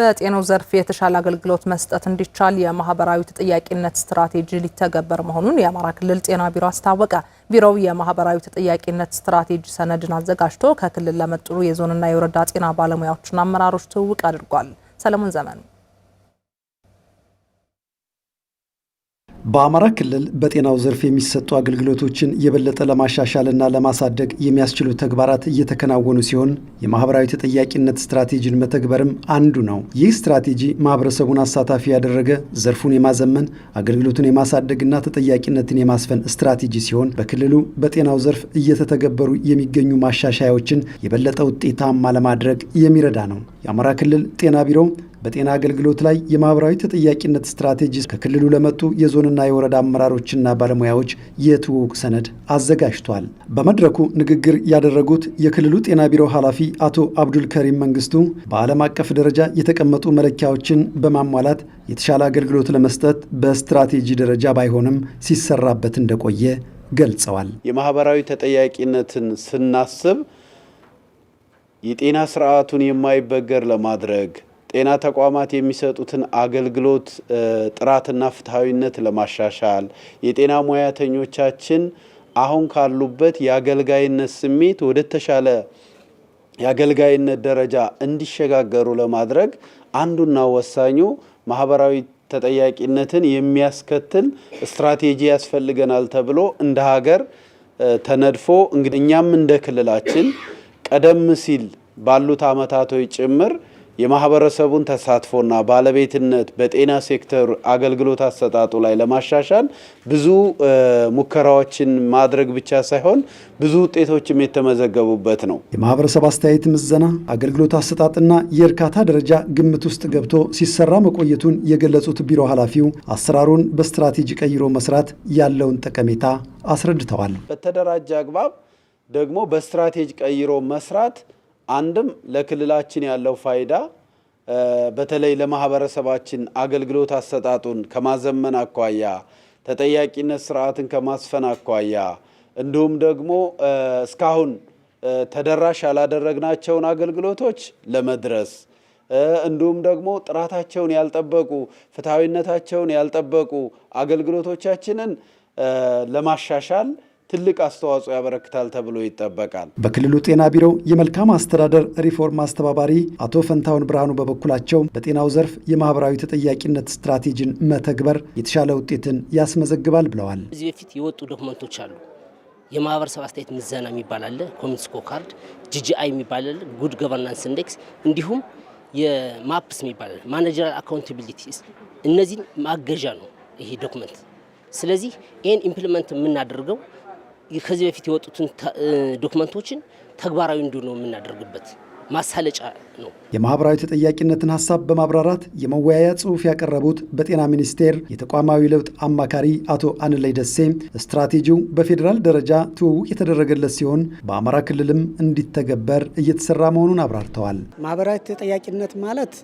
በጤናው ዘርፍ የተሻለ አገልግሎት መስጠት እንዲቻል የማህበራዊ ተጠያቂነት ስትራቴጂ ሊተገበር መሆኑን የአማራ ክልል ጤና ቢሮ አስታወቀ። ቢሮው የማህበራዊ ተጠያቂነት ስትራቴጂ ሰነድን አዘጋጅቶ ከክልል ለመጡ የዞንና የወረዳ ጤና ባለሙያዎችና አመራሮች ትውውቅ አድርጓል። ሰለሞን ዘመኑ በአማራ ክልል በጤናው ዘርፍ የሚሰጡ አገልግሎቶችን የበለጠ ለማሻሻልና ለማሳደግ የሚያስችሉ ተግባራት እየተከናወኑ ሲሆን የማህበራዊ ተጠያቂነት ስትራቴጂን መተግበርም አንዱ ነው። ይህ ስትራቴጂ ማህበረሰቡን አሳታፊ ያደረገ ዘርፉን የማዘመን አገልግሎቱን የማሳደግና ተጠያቂነትን የማስፈን ስትራቴጂ ሲሆን በክልሉ በጤናው ዘርፍ እየተተገበሩ የሚገኙ ማሻሻያዎችን የበለጠ ውጤታማ ለማድረግ የሚረዳ ነው። የአማራ ክልል ጤና ቢሮ በጤና አገልግሎት ላይ የማህበራዊ ተጠያቂነት ስትራቴጂ ከክልሉ ለመጡ የዞንና የወረዳ አመራሮችና ባለሙያዎች የትውውቅ ሰነድ አዘጋጅቷል። በመድረኩ ንግግር ያደረጉት የክልሉ ጤና ቢሮ ኃላፊ አቶ አብዱልከሪም መንግስቱ በዓለም አቀፍ ደረጃ የተቀመጡ መለኪያዎችን በማሟላት የተሻለ አገልግሎት ለመስጠት በስትራቴጂ ደረጃ ባይሆንም ሲሰራበት እንደቆየ ገልጸዋል። የማህበራዊ ተጠያቂነትን ስናስብ የጤና ስርዓቱን የማይበገር ለማድረግ ጤና ተቋማት የሚሰጡትን አገልግሎት ጥራትና ፍትሐዊነት ለማሻሻል የጤና ሙያተኞቻችን አሁን ካሉበት የአገልጋይነት ስሜት ወደ ተሻለ የአገልጋይነት ደረጃ እንዲሸጋገሩ ለማድረግ አንዱና ወሳኙ ማህበራዊ ተጠያቂነትን የሚያስከትል ስትራቴጂ ያስፈልገናል ተብሎ እንደ ሀገር ተነድፎ እኛም እንደ ክልላችን ቀደም ሲል ባሉት አመታቶች ጭምር የማህበረሰቡን ተሳትፎና ባለቤትነት በጤና ሴክተር አገልግሎት አሰጣጡ ላይ ለማሻሻል ብዙ ሙከራዎችን ማድረግ ብቻ ሳይሆን ብዙ ውጤቶችም የተመዘገቡበት ነው። የማህበረሰብ አስተያየት ምዘና አገልግሎት አሰጣጥና የእርካታ ደረጃ ግምት ውስጥ ገብቶ ሲሰራ መቆየቱን የገለጹት ቢሮ ኃላፊው አሰራሩን በስትራቴጂ ቀይሮ መስራት ያለውን ጠቀሜታ አስረድተዋል። በተደራጀ አግባብ ደግሞ በስትራቴጂ ቀይሮ መስራት አንድም ለክልላችን ያለው ፋይዳ በተለይ ለማህበረሰባችን አገልግሎት አሰጣጡን ከማዘመን አኳያ ተጠያቂነት ስርዓትን ከማስፈን አኳያ እንዲሁም ደግሞ እስካሁን ተደራሽ ያላደረግናቸውን አገልግሎቶች ለመድረስ እንዲሁም ደግሞ ጥራታቸውን ያልጠበቁ ፍትሐዊነታቸውን ያልጠበቁ አገልግሎቶቻችንን ለማሻሻል ትልቅ አስተዋጽኦ ያበረክታል ተብሎ ይጠበቃል። በክልሉ ጤና ቢሮ የመልካም አስተዳደር ሪፎርም አስተባባሪ አቶ ፈንታውን ብርሃኑ በበኩላቸው በጤናው ዘርፍ የማህበራዊ ተጠያቂነት ስትራቴጂን መተግበር የተሻለ ውጤትን ያስመዘግባል ብለዋል። እዚህ በፊት የወጡ ዶክመንቶች አሉ። የማህበረሰብ አስተያየት ምዘና የሚባል አለ፣ ኮሚኒስኮ ካርድ፣ ጂጂአይ የሚባል አለ፣ ጉድ ገቨርናንስ ኢንዴክስ እንዲሁም የማፕስ የሚባል አለ፣ ማኔጀራል አካውንታቢሊቲ። እነዚህን ማገዣ ነው ይሄ ዶክመንት። ስለዚህ ይህን ኢምፕሊመንት የምናደርገው ከዚህ በፊት የወጡትን ዶክመንቶችን ተግባራዊ እንዲሆን ነው የምናደርግበት ማሳለጫ ነው። የማህበራዊ ተጠያቂነትን ሀሳብ በማብራራት የመወያያ ጽሑፍ ያቀረቡት በጤና ሚኒስቴር የተቋማዊ ለውጥ አማካሪ አቶ አንለይ ደሴ ስትራቴጂው በፌዴራል ደረጃ ትውውቅ የተደረገለት ሲሆን በአማራ ክልልም እንዲተገበር እየተሰራ መሆኑን አብራርተዋል። ማህበራዊ ተጠያቂነት ማለት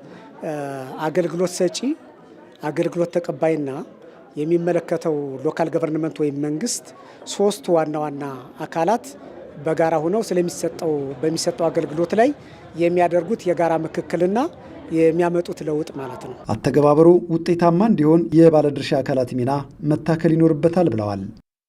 አገልግሎት ሰጪ፣ አገልግሎት ተቀባይና የሚመለከተው ሎካል ገቨርንመንት ወይም መንግስት ሶስት ዋና ዋና አካላት በጋራ ሆነው ስለሚሰጠው በሚሰጠው አገልግሎት ላይ የሚያደርጉት የጋራ ምክክልና የሚያመጡት ለውጥ ማለት ነው። አተገባበሩ ውጤታማ እንዲሆን የባለድርሻ አካላት ሚና መታከል ይኖርበታል ብለዋል።